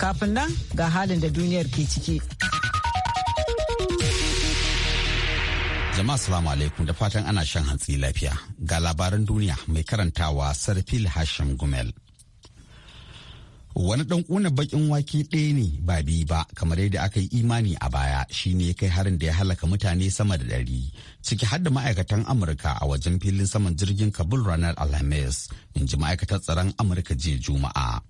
Kafin nan ga halin da duniyar ke ciki. Jama'a salamu alaikum da fatan ana shan hantsi lafiya ga labaran duniya mai karantawa Sarfil Hashim Gumel. Wani ɗan ƙuna baƙin wake ɗaya ne ba biyu ba kamar yadda aka yi imani a baya shine ya kai harin da ya halaka mutane sama da ɗari ciki har da ma'aikatan Amurka a wajen filin saman jirgin Kabul ranar Alhamis in ji ma'aikatar tsaron Amurka jiya Juma'a.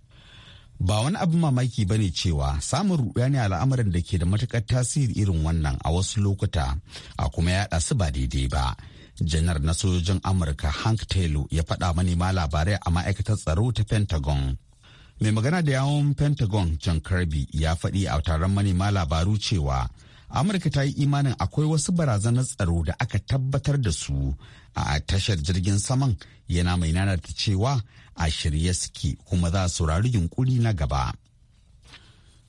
ba wani abin mamaki ba ne cewa samun ne al'amarin da ke da matukar tasiri irin wannan a wasu lokuta a kuma yaɗa su ba daidai ba janar na sojojin amurka hank taylor ya faɗa manema labarai a ma'aikatar tsaro ta pentagon mai magana da yawon pentagon john kirby ya faɗi a taron manema labaru cewa amurka ta yi imanin akwai wasu barazanar tsaro da aka tabbatar da su a tashar jirgin saman yana mai nanata cewa a shirye suke kuma za su saurari yunkuri na gaba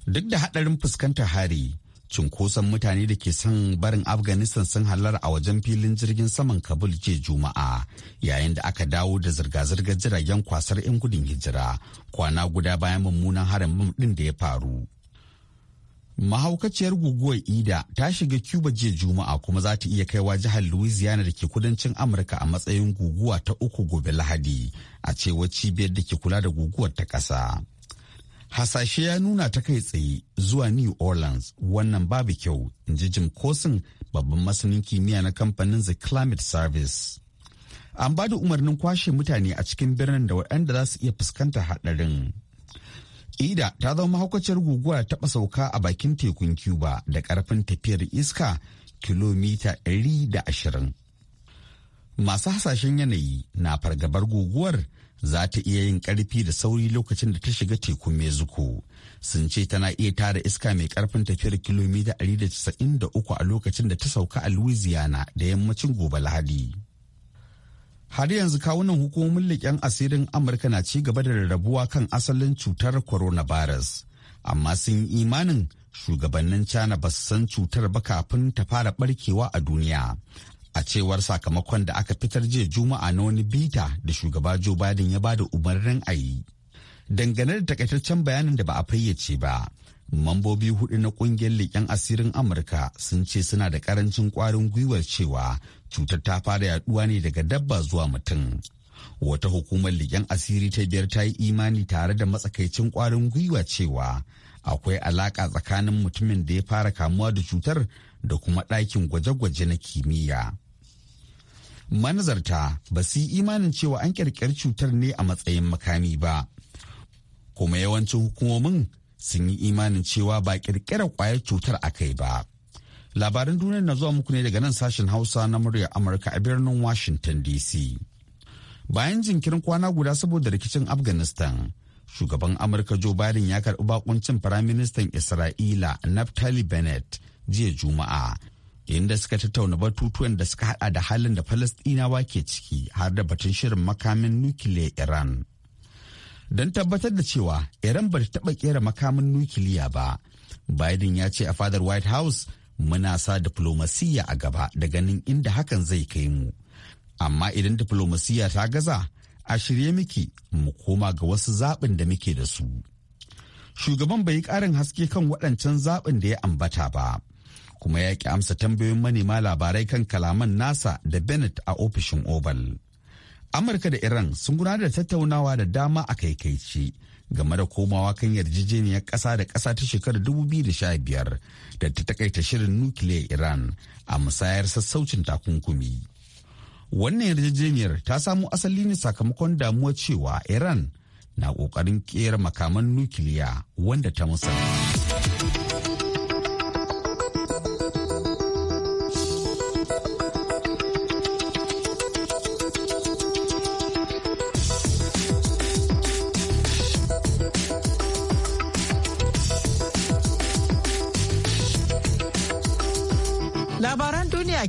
duk da hadarin fuskantar hari cunkoson mutane da ke son barin afghanistan sun halar a wajen filin jirgin saman kabul jiya juma'a yayin da aka dawo da zirga-zirgar jiragen kwasar 'yan gudun hijira kwana guda bayan mummunan harin din da ya faru mahaukaciyar guguwar ida ta shiga cuba jiya juma'a kuma za ta iya kaiwa jihar louisiana da ke kudancin amurka a matsayin guguwa ta uku gobe lahadi a cewar cibiyar da ke kula da guguwar ta ƙasa hasashe ya nuna ta kai tsaye zuwa new orleans wannan babu kyau in ji jim kosin babban masanin kimiyya na kamfanin the climate service an ba da umarnin kwashe mutane a cikin birnin da waɗanda za su iya fuskantar haɗarin ida ta zama mahaukaciyar guguwa taɓa sauka a bakin tekun cuba da ƙarfin tafiyar iska kilomita 120 masu hasashen yanayi na fargabar guguwar za ta iya yin ƙarfi da sauri lokacin da ta shiga tekun mexico sun ce tana iya tara iska mai ƙarfin tafiyar kilomita 193 a lokacin da ta sauka a louisiana da yammacin gobe lahadi har yanzu kawunan hukumomin liƙen asirin amurka na ci gaba da rarrabuwa kan asalin cutar coronavirus amma sun yi imanin shugabannin china ba su san cutar ba kafin ta fara barkewa a duniya a cewar sakamakon da aka fitar jiya juma'a na wani bita da shugaba joe biden ya bada umarnin a yi dangane da takaitaccen bayanin da ba a fayyace ba mambobi hudu na kungiyar leƙen asirin amurka sun ce suna da karancin kwarin gwiwar cewa cutar ta fara yaduwa ne daga dabba zuwa mutum wata hukumar ligan asiri ta biyar ta yi imani tare da matsakaicin ƙwarin gwiwa cewa akwai alaƙa tsakanin mutumin da ya fara kamuwa da cutar da kuma ɗakin gwaje-gwaje na kimiyya manazarta ba su yi imanin cewa an ƙirƙiri cutar ne a matsayin makami ba kuma yawancin hukumomin sun yi imanin cewa ba ƙirƙirar ƙwayar cutar a kai ba labaran duniyar na zuwa muku ne daga nan sashen hausa na murya amurka a birnin washington dc bayan jinkirin kwana guda saboda rikicin afghanistan shugaban amurka joe biden ya karɓi bakuncin firaministan isra'ila naftali bennett jiya juma'a inda suka tattauna batutuwan da suka hada da halin da falastinawa ke ciki har da batun shirin makamin nukiliya iran don tabbatar da cewa iran ba ta taba kera makamin nukiliya ba biden ya ce a fadar white house muna sa diflomasiyya a gaba da ganin inda hakan zai kai mu amma idan diflomasiyya ta gaza a shirye miki mu koma ga wasu zaɓin da muke da su shugaban bai yi ƙarin haske kan waɗancan zaɓin da ya ambata ba kuma ya ki amsa tambayoyin manema labarai kan kalaman nasa da bennett a ofishin oval amurka da iran sun gudanar da tattaunawa da dama a ce. game da komawa kan yarjejeniyar ƙasa da ƙasa ta shekarar 2015 da ta takaita shirin nukiliyar Iran a musayar sassaucin takunkumi. Wannan yarjejeniyar ta samu asali ne sakamakon damuwa cewa Iran na ƙoƙarin ƙera makaman nukiliya wanda ta musamman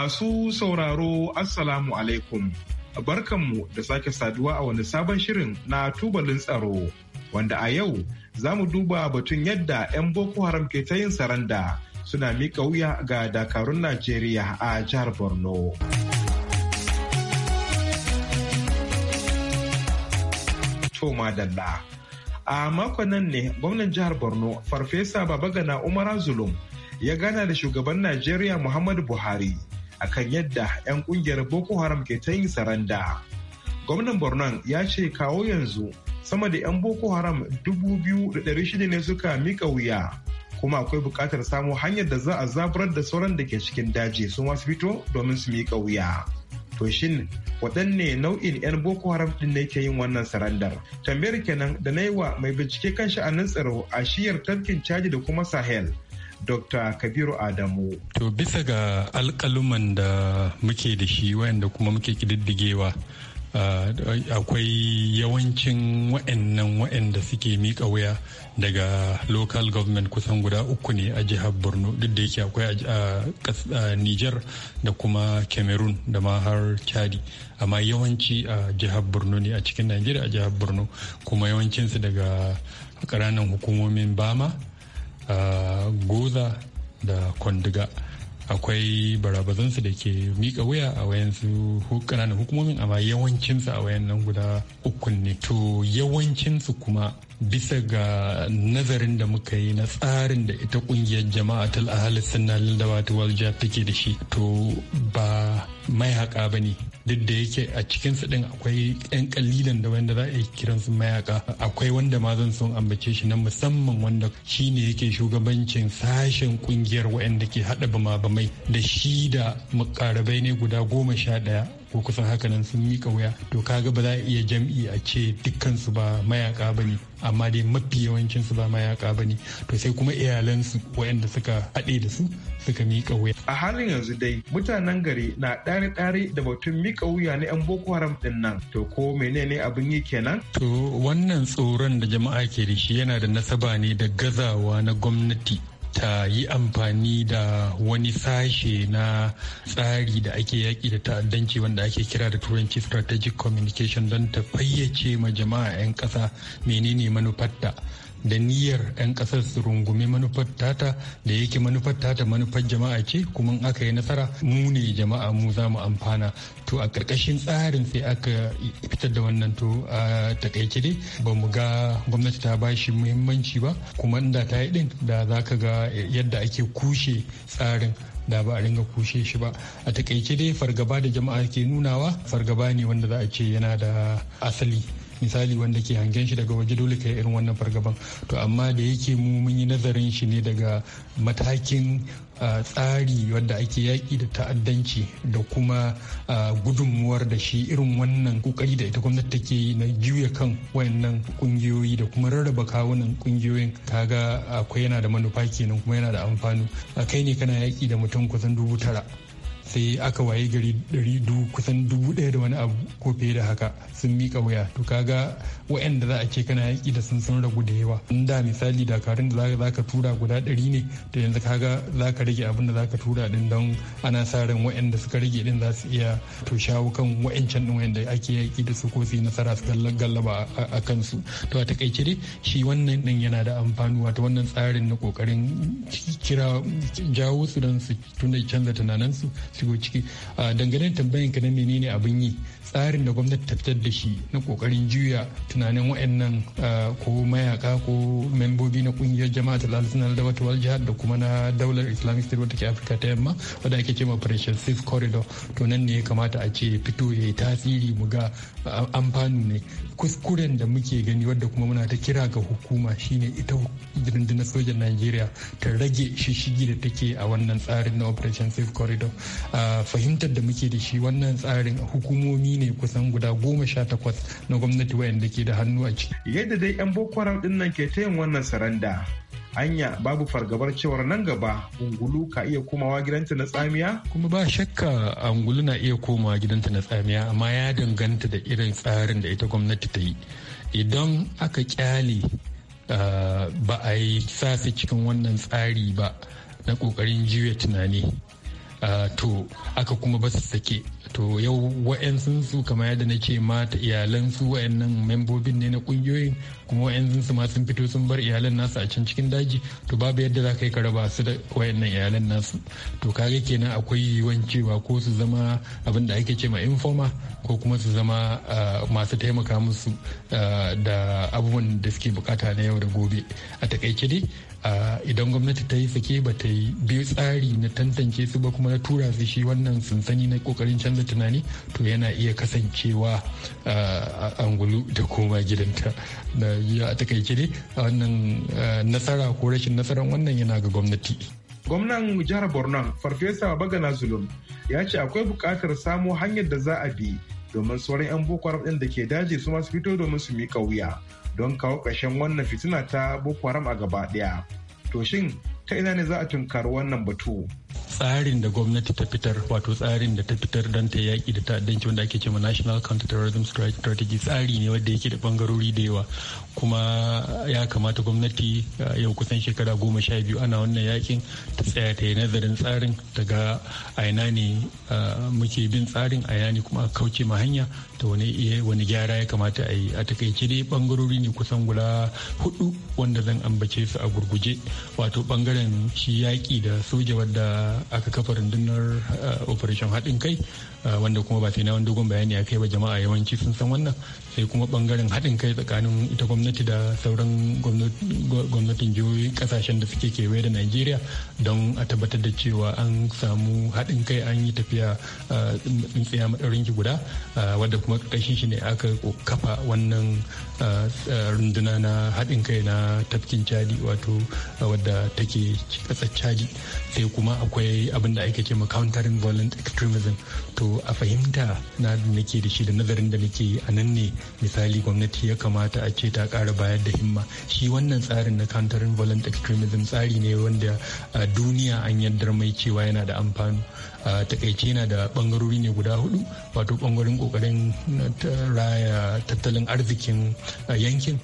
Masu sauraro Assalamu alaikum. Barkanmu da sake saduwa a wani sabon shirin na tubalin tsaro wanda a yau za mu duba batun yadda 'yan Boko Haram ke ta yin saranda suna mika wuya ga dakarun Najeriya a jihar Borno. Toma A makon nan ne gwamnan jihar Borno Farfesa Babagana Umar Zulum ya gana da shugaban Najeriya Muhammadu Buhari. akan yadda 'yan kungiyar boko haram ke ta yin saranda gwamnan borno ya ce kawo yanzu sama da 'yan boko haram 2,600 ne suka mika wuya kuma akwai buƙatar samu hanyar da za a zaburar da sauran da ke cikin daji su masu fito domin su mika wuya to shin waɗanne nau'in 'yan boko haram ɗin ne ke yin wannan sarandar tambayar kenan da na yi wa mai bincike kan sha'anin tsaro a shiyar tafkin caji da kuma sahel Dr. Kabiru Adamu. To bisa ga alkaluman da muke da shi wayanda kuma muke kididdigewa ah, akwai yawancin wa'annan wa'anda suke miƙa wuya daga local government kusan guda uku ne a jihar borno duk da yake akwai a niger da kuma cameroon da ma har chadi amma yawanci a jihar borno ne a cikin nigeria a jihar borno kuma yawancinsu daga ƙananan hukumomin bama goza da kwandiga akwai barabazansu da ke miƙa wuya a wayansu kananan hukumomin amma yawancinsu a wayan nan guda uku ne to yawancinsu kuma bisa ga nazarin da muka yi na tsarin da ita kungiyar jama'a tal ahalis da wata walja take da shi to ba mayaka ba ne duk da yake a cikin su din akwai yan kalilan da wanda za a yi kiransu mayaka akwai wanda ma zan son ambace shi na musamman wanda shi ne yake shugabancin sashen kungiyar waɗanda ke haɗa bama bamai da shi da mukarabai ne guda goma sha ɗaya ko kusan haka nan sun mika wuya to kaga ba za a iya jam'i a ce dukkansu ba mayaka ba ne amma dai mafi yawancin su ba mayaka ba ne to sai kuma iyalansu waɗanda suka haɗe da su suka mika wuya. A halin yanzu dai mutanen gari na ɗare-ɗare da batun mika wuya na 'yan Boko Haram ɗin nan to ko menene abin yi kenan? To wannan tsoron da jama'a ke da shi yana da nasaba ne da gazawa na gwamnati ta yi amfani da wani sashe na tsari da ake yaƙi da ta'addanci wanda ake kira da turanci strategic communication don ta fayyace ma jama'a 'yan ƙasa menene manufarta da niyyar 'yan ƙasar su rungumi manufar tata da yake manufar tata manufar jama'a ce kuma aka yi nasara mu ne jama'a mu za mu amfana to a ƙarƙashin tsarin sai aka fitar da wannan to a takaice dai ba mu ga gwamnati ta bashi muhimmanci ba kuma inda ta yi din da za ka ga yadda ake kushe tsarin da ba a ringa kushe shi ba a takaice dai fargaba da jama'a ke nunawa fargaba ne wanda za a ce yana da asali misali wanda ke hangen shi daga waje dole kai irin wannan fargaban to amma da yake mu mun yi nazarin shi ne daga matakin tsari wadda ake yaƙi da ta'addanci da kuma gudunmuwar da shi irin wannan kokari da ita gwamnati take yi na juya kan wayannan kungiyoyi da kuma rarraba kawunan kungiyoyin kaga akwai yana da manufa kenan kuma yana da amfani kai ne kana yaƙi da mutum kusan dubu tara sai aka waye gari ɗari kusan dubu ɗaya da wani abu ko fiye da haka sun mika waya to kaga wa'anda za a ce kana yaƙi da sun sun ragu da yawa in da misali dakarun da za ka tura guda ɗari ne to yanzu kaga za ka rage abin da za ka tura ɗin don ana sa ran wa'anda suka rage ɗin za su iya to shawo kan wa'ancan ɗin wa'anda ake yaƙi da su ko su nasara su gallaba a kansu to a takaice dai shi wannan ɗin yana da amfani wato wannan tsarin na ƙoƙarin kira jawo su don su canza tunaninsu shigo ciki dangane da tambayan ka na menene abin yi tsarin da gwamnati ta fitar da shi na kokarin juya tunanin wayannan ko mayaka ko membobi na kungiyar jama'a ta sunan da wata jihar da kuma na daular islamic state wata ke afirka ta yamma wadda ake ma operation safe corridor to nan ne ya kamata a ce fito ya yi tasiri mu ga amfanu ne kuskuren da muke gani wadda kuma muna ta kira ga hukuma shine ita rundunar sojan najeriya ta rage shishigi da take a wannan tsarin na operation safe corridor fahimtar da muke da shi wannan tsarin hukumomi ne kusan guda goma sha takwas na gwamnati wayanda ke da hannu a ciki yadda dai yan boko haram din nan ke ta yin wannan saranda anya babu fargabar cewar nan gaba ungulu ka iya komawa gidanta na tsamiya? Kuma ba shakka angulu na iya komawa gidanta na tsamiya amma ya danganta da irin tsarin da ita gwamnati ta yi. Idan aka kyale ah, ba a yi safi cikin wannan tsari ba na kokarin juya tunani ah, to aka kuma ba su sake to yau wa'yansu su kamar yadda nake mata iyalan su wa'yannan membobin ne na kungiyoyin kuma wa'yansu ma sun fito sun bar iyalan nasu a can cikin daji to babu yadda za ka yi raba su da wa'yannan iyalan nasu to ga kenan akwai yiwuwan cewa ko su zama abin da ake ce ma informa ko kuma su zama masu taimaka musu da abubuwan da suke bukata na yau da gobe a takaice dai idan gwamnati ta yi sake ba ta yi biyu tsari na tantance su ba kuma na tura su shi wannan sansani na kokarin canza tunani to yana iya kasancewa angulu da koma gidanta da ya takaice ne a wannan nasara ko rashin nasarar wannan yana ga gwamnati gwamnan jihar borno farfesa bagana zulum ya ce akwai bukatar samo hanyar da za a bi domin sauran 'yan boko da ke daji su masu fito domin su mika wuya don kawo ƙarshen wannan fitina ta boko haram a gaba ɗaya to shin ta ina ne za a tunkari wannan batu tsarin da gwamnati ta fitar wato tsarin da ta fitar don ta yaƙi da ta'addanci wanda ake cewa national counter-terrorism strategy tsari ne wanda yake da bangarori da yawa kuma ya kamata gwamnati yau kusan shekara goma sha biyu ana wannan yakin ta tsaya ta yi nazarin tsarin daga aina ne muke bin tsarin aina ne kuma kauce ma hanya ta wani eh, wani gyara ya kamata a yi a takaice dai bangarori ne kusan guda hudu wanda zan ambace su a gurguje wato bangaren shi yaƙi da soja wadda Eh, aka kafa rundunar eh, operation haɗin kai eh, wanda kuma ba sai na dogon bayani a kai ba jama'a yawanci sun san wannan sai kuma bangaren haɗin kai tsakanin ita gwamnati da sauran gwamnatin jihohi kasashen da suke kewaye da najeriya don a tabbatar da cewa an samu haɗin kai an yi tafiya tsintsiya maɗaurin ki guda wadda kuma ƙarshen shi ne aka kafa wannan runduna na haɗin kai na tafkin cadi wato wadda take ƙasar cadi sai kuma akwai abin da ake cewa countering violent extremism to a fahimta na nake da shi da nazarin da nake a nan ne misali gwamnati ya kamata a ce ta kara bayar da himma shi wannan tsarin na countering violent extremism tsari ne wanda a duniya an yaddar mai cewa yana da amfani a takaice yana da bangarori ne guda hudu wato bangaren kokarin raya tattalin arzikin yankin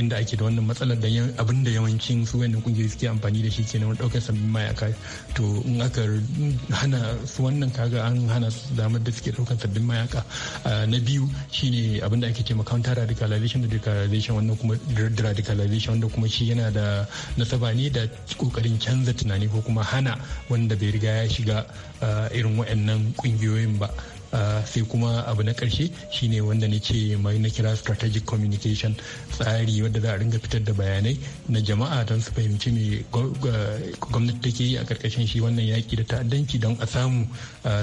inda ake da wannan matsalar da abin da yawancin su wannan kungiyoyi suke amfani da shi kenan wani ɗaukar sabbin mayaka to in aka hana su wannan kaga an hana su damar da suke ɗaukar sabbin mayaka na biyu shine abin da ake ce counter radicalization da radicalization wannan kuma radicalization wanda kuma shi yana da nasaba ne da kokarin canza tunani ko kuma hana wanda bai riga ya shiga irin waɗannan ƙungiyoyin ba sai kuma abu na ƙarshe shine wanda na ce mai na kira strategic communication tsari wadda za a ringa fitar da bayanai na jama'a don su fahimci me gwamnati take yi a ƙarƙashin shi wannan yaƙi da ta'addanci don a samu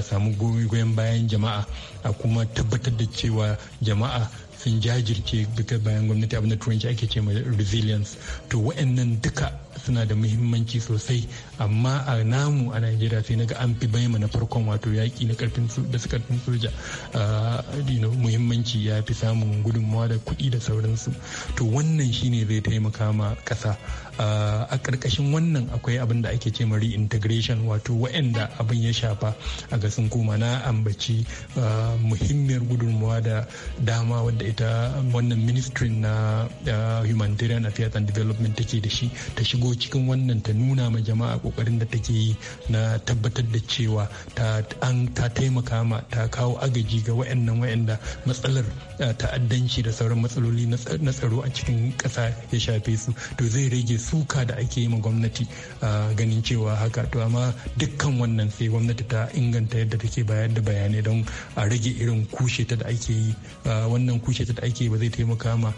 samu goyon bayan jama'a a kuma tabbatar da cewa jama'a sun jajirce duka bayan gwamnati abin da turanci ake ce mai resilience to wa'annan duka suna da muhimmanci sosai amma a namu a najeriya sai naga an fi baima na farkon wato yaki na karfin da su karfin soja muhimmanci ya fi samun gudunmawa da kuɗi da sauransu to wannan shine zai taimaka ma ƙasa a ƙarƙashin wannan akwai abin da ake ce mari integration wato waɗanda abin ya shafa a gasin sun na ambaci muhimmiyar gudunmawa da dama wadda ita wannan ministry na humanitarian affairs and development take da shi ta shigo cikin wannan ta nuna ma jama'a kokarin da take yi na tabbatar da cewa ta taimaka ma ta kawo agaji ga waɗannan waɗanda matsalar ta'addanci da sauran matsaloli na tsaro a cikin ƙasa ya shafe su to zai rage suka da ake yi ma gwamnati ganin cewa haka to amma dukkan wannan sai gwamnati ta inganta yadda take bayar da bayanai don a rage irin kushe ta da ake yi wannan kushe ta da ake yi ba zai taimaka ma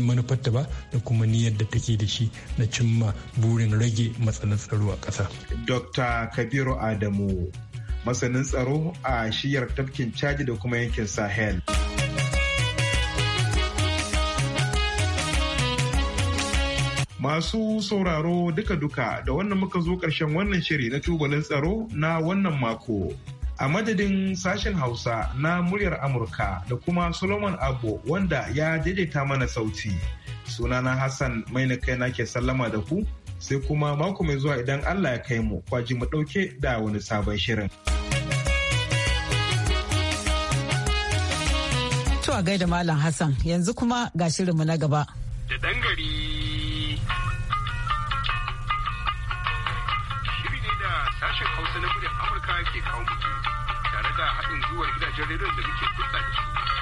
manufar ta ba da kuma niyyar da take da shi na cimma burin rage matsalar tsaro a ƙasa. Dr. Kabiru Adamu masanin tsaro a shiyar tafkin caji da kuma yankin Sahel. Masu sauraro duka-duka da wannan muka zo ƙarshen wannan shiri na tubalin tsaro na wannan mako. A madadin sashen Hausa na muryar Amurka da kuma Solomon abu wanda ya daidaita mana sauti. Sunana Hassan mai na kai nake sallama da ku sai kuma mako mai zuwa idan Allah ya kai mu kwaji mu ɗauke da wani sabon shirin. To a gaida Malam Hassan yanzu kuma ga shirinmu na gaba. Da ɗan sashen hausa na gudun amurka ke kawo mutu tare da haɗin gwiwar gidajen rediyon da muke kuɗa da su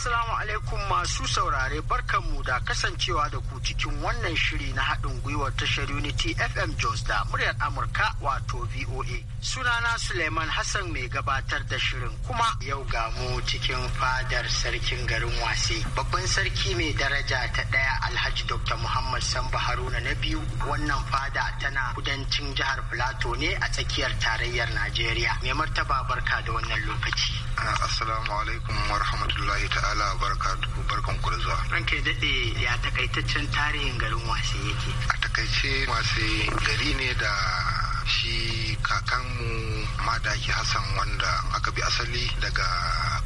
Assalamu alaikum masu saurare barkanmu da kasancewa da ku cikin wannan shiri na haɗin gwiwar tashar Unity FM Jos da muryar Amurka wato VOA. Sunana Suleiman Hassan mai gabatar da shirin kuma yau ga mu cikin fadar sarkin garin wase. Babban sarki mai daraja ta ɗaya Alhaji Dr. Muhammad Samba Haruna na biyu wannan fada tana kudancin jihar Filato ne a tsakiyar tarayyar Najeriya. Mai martaba barka da wannan lokaci. Assalamu alaikum wa rahmatullahi ta'ala barakatuhu barkan ku da zuwa. ke daɗe ya takaitaccen tarihin garin wasi yake. A takaice wasi gari ne da shi kakanmu madaki Hassan wanda aka bi asali daga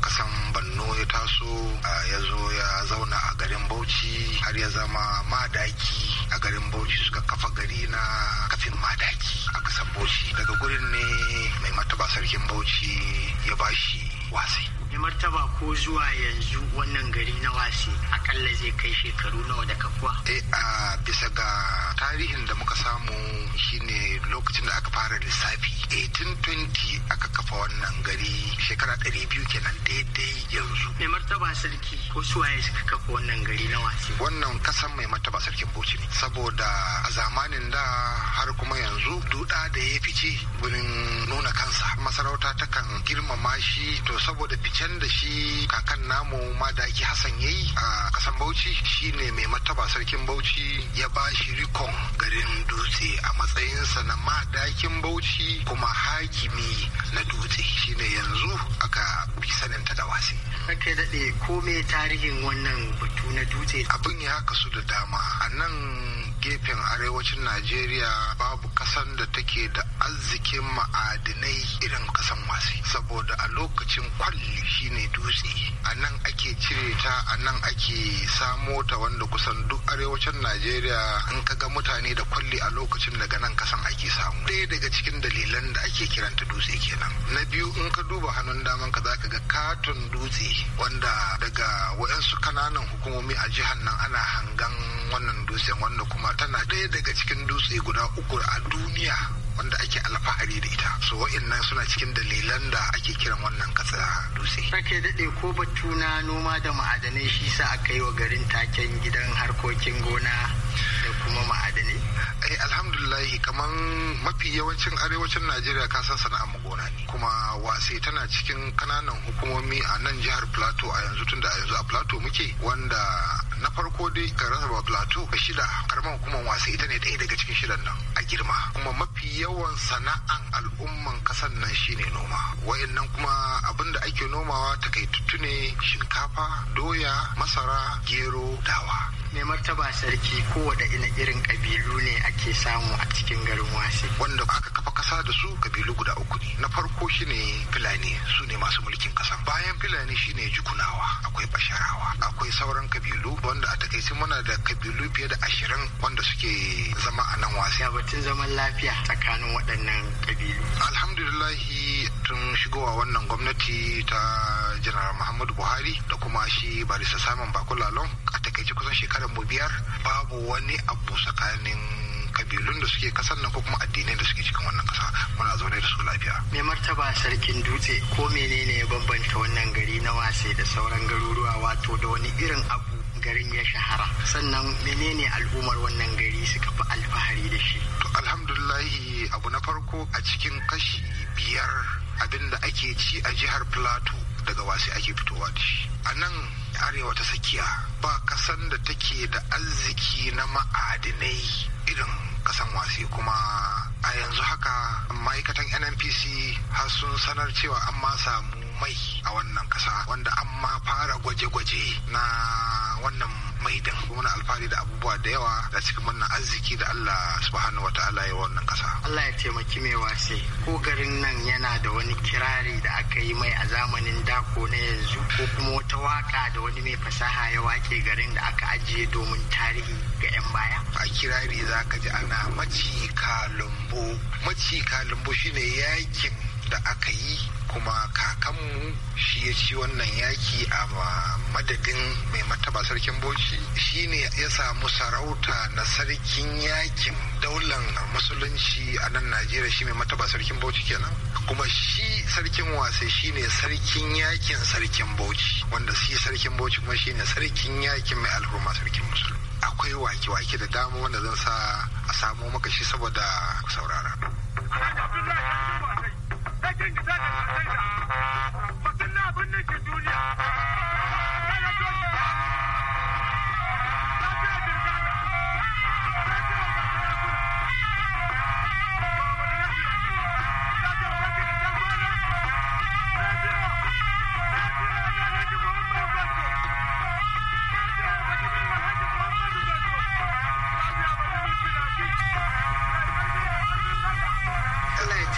kasan banno ya taso ya zo ya zauna a garin Bauchi har ya zama madaki a garin Bauchi suka kafa gari na kafin madaki a kasan Bauchi daga gurin ne mai mataba sarkin Bauchi ya bashi he? mai martaba ko zuwa yanzu wannan gari na wasi akalla zai kai shekaru nawa da kafuwa eh a bisa ga tarihin da muka samu shine lokacin da aka fara lissafi 1820 aka kafa wannan gari shekara 200 kenan daidai yanzu mai martaba sarki ko ya suka kafa wannan gari na wasi wannan kasan mai martaba sarkin bauchi ne saboda a zamanin da har kuma yanzu duda da ya fice wurin nuna kansa masarauta takan girmama shi to saboda fice can da shi kakan namu madaki da ake Hassan yayi a kasan Bauchi shine mai mataba sarkin Bauchi ya ba shi rikon garin dutse a matsayinsa na madakin Bauchi kuma hakimi na dutse shine yanzu aka fi saninta da wasi. Kake daɗe ko me tarihin wannan batu na dutse? Abin ya kasu da dama a nan gefen arewacin najeriya babu kasan da take da arzikin ma'adinai irin kasan wasi saboda a lokacin kwalli shine dutse a nan ake cire ta a nan ake samo ta wanda kusan duk arewacin najeriya in kaga mutane da kwalli a lokacin daga nan kasan ake samu Daya daga cikin dalilan da ake kiranta dutse kenan na biyu in ka duba hannun daman ka zaka ga katon dutse wanda daga waɗansu kananan hukumomi a jihar nan ana hangan wannan dutsen wanda kuma tana daya daga cikin dutse guda uku a duniya wanda ake alfahari da ita so wa'annan suna cikin dalilan da ake kiran wannan katsa dutse take daɗe ko batu na noma da ma'adanai shi sa aka yi wa garin taken gidan harkokin gona da kuma ma'adanai ai eh, alhamdulillahi kamar mafi yawancin arewacin najeriya ka san sana'a gona ne kuma wase tana cikin kananan hukumomi a nan jihar plateau a yanzu tunda a yanzu a plateau muke wanda na farko dai garin zaba plateau ga shida karamar hukumar wasa ita ne ɗaya daga cikin shidan nan a girma kuma mafi yawan sana'an al'umman kasan nan shine noma wayannan kuma abin da ake nomawa takaitattu ne shinkafa doya masara gero dawa ne martaba sarki kowane irin kabilu ne ake samu a cikin garin wasi wanda aka kafa kasa da su kabilu guda uku ne na farko shine fulani su ne masu mulkin kasa bayan fulani shine jukunawa akwai basharawa akwai sauran kabilu wanda a takaice muna da kabilu fiye da ashirin wanda suke zama a nan wasi ya batun zaman lafiya tsakanin waɗannan kabilu alhamdulillahi tun shigowa wannan gwamnati ta janar muhammadu buhari da kuma shi barista simon bakulalon a takaice kusan shekarar mu biyar babu wani abu tsakanin kabilun da suke kasar nan ko kuma addinai da suke cikin wannan kasa muna zaune da su lafiya. Me martaba sarkin dutse ko menene ya bambanta wannan gari na wase da sauran garuruwa wato da wani irin abu garin ya shahara sannan menene al'ummar wannan gari suka fi alfahari da shi to alhamdulillahi abu na farko a cikin kashi biyar abinda ake ci a jihar plateau daga wasi ake fitowa da shi a nan arewa ta tsakiya ba kasan da take da arziki na ma'adinai irin kasan wasi kuma a yanzu haka ma'aikatan nnpc har sun sanar cewa an ma samu mai a wannan kasa wanda an ma fara gwaje-gwaje na wannan mai kuma muna alfahari da abubuwa da yawa da cikin wannan arziki da Allah subhanahu wataala ya wannan kasa Allah ya taimaki mai wase ko garin nan yana da wani kirari da aka yi mai a zamanin dako na yanzu ko kuma wata waka da wani mai fasaha ya wake garin da aka ajiye domin tarihi ga 'yan baya a kirari za ka ji ana maci lumbu maci lumbu shine yakin shi ya ci wannan yaki a madadin mai mataba sarkin boci shine ya samu sarauta na sarkin yakin daular musulunci a nan najeriya shi mai mataba sarkin boci kenan kuma shi sarkin wasai shine sarkin yakin sarkin boci wanda shi sarkin boci kuma shine sarkin yakin mai alhurma sarkin musulunci akwai wake-wake da dama wanda zan sa a samo maka shi saboda saurara. Ha ha ha!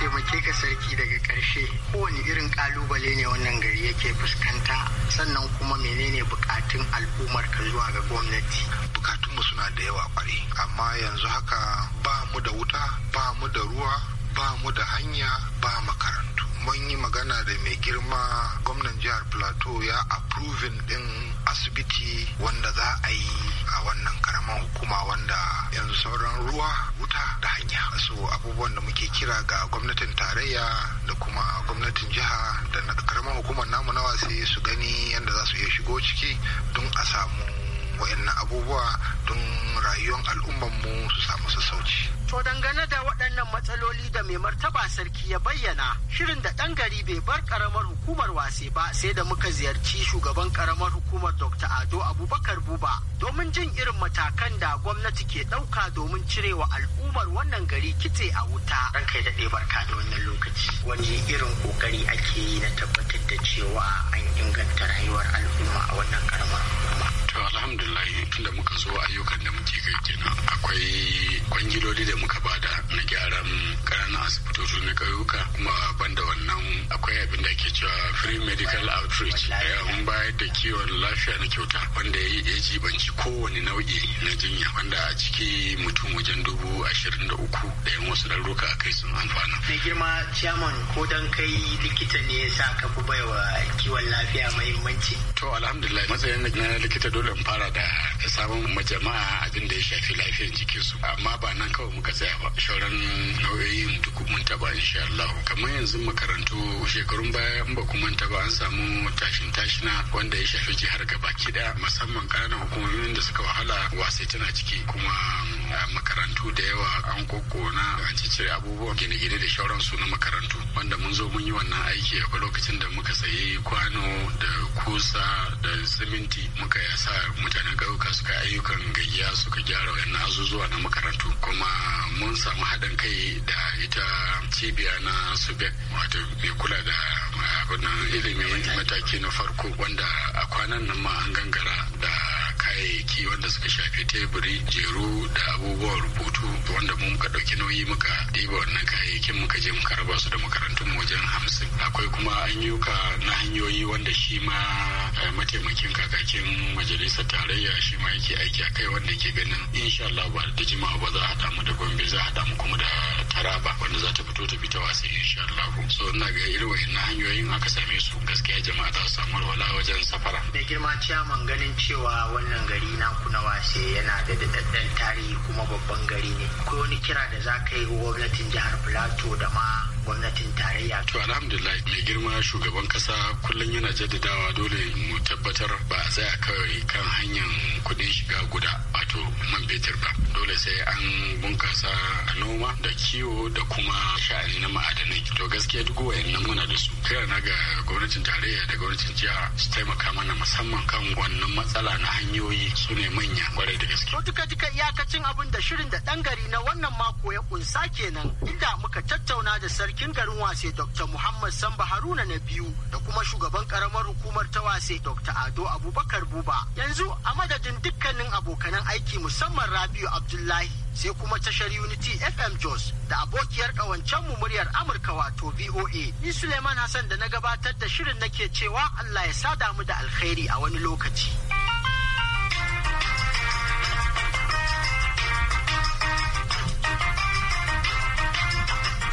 taimake ka sarki daga ƙarshe kowane irin ƙalubale ne wannan gari yake fuskanta sannan kuma menene bukatun al'ummar ka zuwa ga gwamnati bukatunmu suna da yawa kwarai amma yanzu haka ba mu da wuta ba mu da ruwa ba mu da hanya ba makarantu mun yi magana da mai girma gwamnan jihar plateau ya approving din asibiti wanda za a yi a wannan kuma hukuma wanda yanzu sauran ruwa wuta da hanya so abubuwan da muke kira ga gwamnatin tarayya da kuma gwamnatin jiha da na karamar hukumar namu nawa sai su gani yadda za su iya shigo ciki don a samu wa'annan abubuwa don rayuwar al'ummar mu su samu sassauci. To dangane da waɗannan matsaloli da mai martaba sarki ya bayyana shirin da ɗan gari bai bar ƙaramar hukumar wase ba sai da muka ziyarci shugaban ƙaramar hukumar Dr. Ado Abubakar Buba domin jin irin matakan da gwamnati ke ɗauka domin cirewa al'ummar wannan gari kitse a wuta. Ran kai daɗe barka da wannan lokaci. Wani irin ƙoƙari ake yi na tabbatar da cewa an inganta rayuwar al'umma a wannan ƙaramar alhamdulillah da muka zo ayyukan da muke kai kenan akwai kwangiloli da muka bada na gyaran ƙananan asibitoci na ƙauyuka kuma banda wannan akwai abin da ke cewa free medical outreach eh, mun bayar da kiwon lafiya na kyauta wanda ya yi jibanci kowane nau'i na jinya wanda a ciki mutum wajen dubu ashirin da uku da yan wasu ɗaruka a kai sun amfana. mai girma chairman ko dan kai likita ne ya sa ka fi baiwa kiwon lafiya mahimmanci. to alhamdulillah matsayin na likita dole fara da samun majama'a jama'a abin da ya shafi lafiyar jikinsu amma ba nan kawai muka tsaya ba shauran nau'o'in duk mun taba insha Allah kamar yanzu makarantu shekarun baya in ba ku manta ba an samu tashin tashina wanda ya shafi jihar gabaki daya musamman ƙananan hukumomin da suka wahala wasai tana ciki kuma makarantu da yawa an kokona a cire abubuwan gine-gine da shauransu na makarantu wanda mun zo mun yi wannan aiki akwai lokacin da muka sayi kwano da kusa da siminti muka yasa mutanen ƙauyuka suka ayyukan gayya suka gyara wannan azuzuwa na makarantu kuma mun samu haɗin kai da ita cibiya na subek wato mai kula da abin ilimi mataki na farko wanda a kwanan nan ma an gangara da kayayyaki wanda suka shafi teburi jeru da abubuwan rubutu wanda mu muka ɗauki nauyi muka ɗiba wannan kayayyakin muka je muka raba su da makarantun wajen hamsin akwai kuma ayyuka na hanyoyi wanda shi ma eh, mataimakin kakakin majalisar tarayya shi ma yake aiki a kai wanda ke ganin insha Allah ba da jimawa ba za a haɗa mu da gombe za a haɗa mu kuma da haraba wanda za ta fito ta bi ta wasa insha Allah so ina ga irin na hanyoyin aka same su gaskiya jama'a za samu walwala wajen safara mai girma man ganin cewa wannan gari na kuna wase yana da dadaddan tarihi kuma babban gari ne akwai wani kira da za ka yi gwamnatin jihar Plateau da ma gwamnatin tarayya. To alhamdulillah mai girma shugaban kasa kullum yana jaddadawa dole mu tabbatar ba a tsaya kawai kan hanyar kuɗin shiga guda wato man fetur ba. Dole sai an bunkasa a noma da kiwo da kuma sha'ani na ma'adanai. To gaskiya duk wayannan muna da su. Kira na ga gwamnatin tarayya da gwamnatin jiha su taimaka mana musamman kan wannan matsala na hanyoyi su ne manya kwarai da gaske. To duka duka iyakacin abin da shirin da ɗan gari na wannan mako ya kunsa kenan inda muka tattauna da sarki sarkin garin wase dr muhammad samba haruna na biyu da kuma shugaban karamar hukumar ta wase dr ado abubakar buba yanzu a madadin dukkanin abokanan aiki musamman rabiu abdullahi sai kuma tashar unity fm jos da abokiyar mu muryar amurka wato voa ni suleiman hassan da na gabatar da shirin nake cewa allah ya sada mu da alkhairi a wani lokaci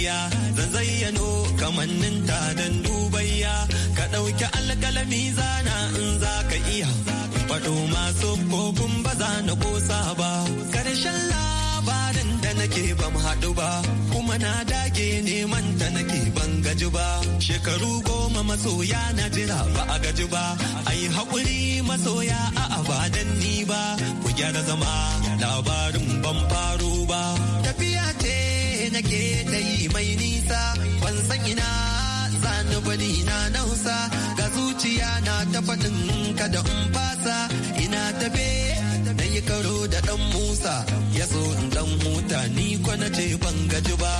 ya zan zayyano kamannin ta dan dubayya ka ɗauki alkalami zana in za ka iya faɗo masu kokun ba za na ƙosa ba Karshen labarin da nake ban haɗu ba kuma na dage neman ta nake ban gaji ba shekaru goma masoya na jira ba a gaji ba ai haƙuri masoya a abadan ni ba ku gyara zama labarin ban faro ba tafi nake ta yi mai nisa ban san ina zani bari na nausa ga zuciya na ta faɗin kada in fasa ina tafe na yi karo da ɗan musa ya so in ɗan huta ni kwana ce ban gaji ba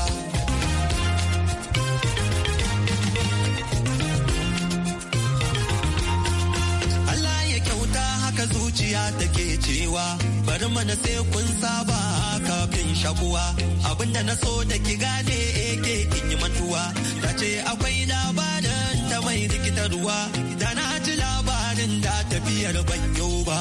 Allah ya kyauta haka zuciya take cewa bari mana sai kun saba kafin shakuwa abinda na so da ki gane eke eh, kin yi mantuwa ta ce akwai labarin ta mai rikitarwa da na ji labarin da tafiyar ban yau ba.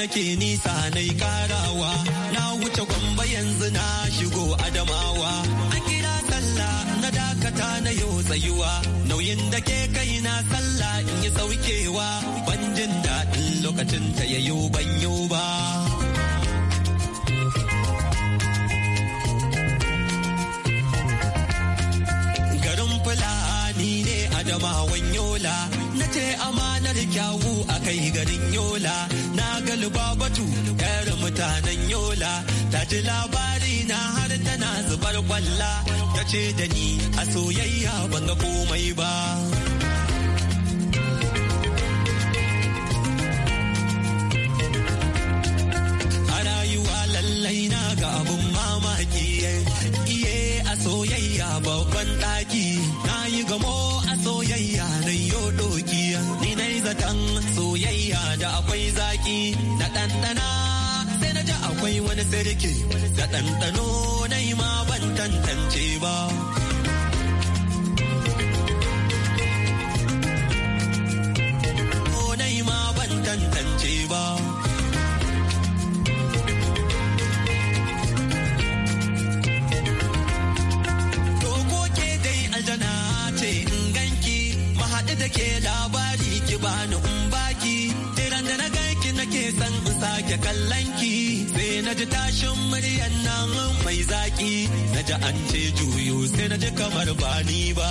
nake nisa na karawa na wuce gwamba yanzu na shigo adamawa an kira sallah na dakata na yau tsayuwa nauyin da kai na sallah in yi saukewa ban jin daɗin lokacin ta yi ban yi ba garin fulani ne adamawan yola na ce amanar kyawu a kai garin yola na galiba batu yar mutanen yola ta ji labari na har tana zubar kwalla ta ce da ni a soyayya ban ga komai ba daɗi na ɗanɗana sai na ji akwai wani sarki da ɗanɗano na yi ma ban tantance ba. Na yi ma ban tantance ba. da ke labar. ya kallon sai na ji tashin muryan nan mai zaki na ji an ce juyo sai na ji kamar ba ni ba.